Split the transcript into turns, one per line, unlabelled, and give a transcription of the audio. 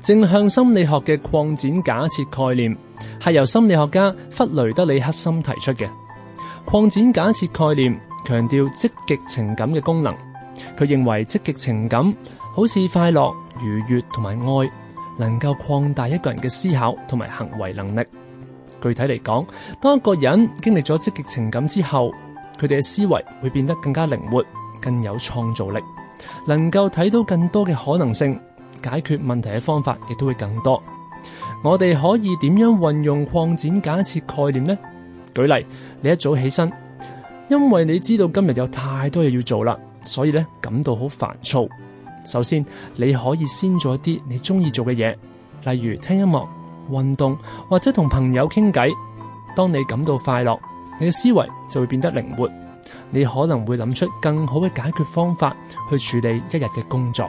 正向心理學嘅擴展假設概念，係由心理學家弗雷德里克森提出嘅。擴展假設概念強調積極情感嘅功能，佢認為積極情感好似快樂、愉悅同埋愛，能夠擴大一個人嘅思考同埋行為能力。具體嚟講，當一個人經歷咗積極情感之後，佢哋嘅思維會變得更加靈活、更有創造力，能夠睇到更多嘅可能性。解決問題嘅方法亦都會更多。我哋可以點樣運用擴展假設概念呢？舉例，你一早起身，因為你知道今日有太多嘢要做啦，所以咧感到好煩躁。首先，你可以先做一啲你中意做嘅嘢，例如聽音樂、運動或者同朋友傾偈。當你感到快樂，你嘅思維就會變得靈活，你可能會諗出更好嘅解決方法去處理一日嘅工作。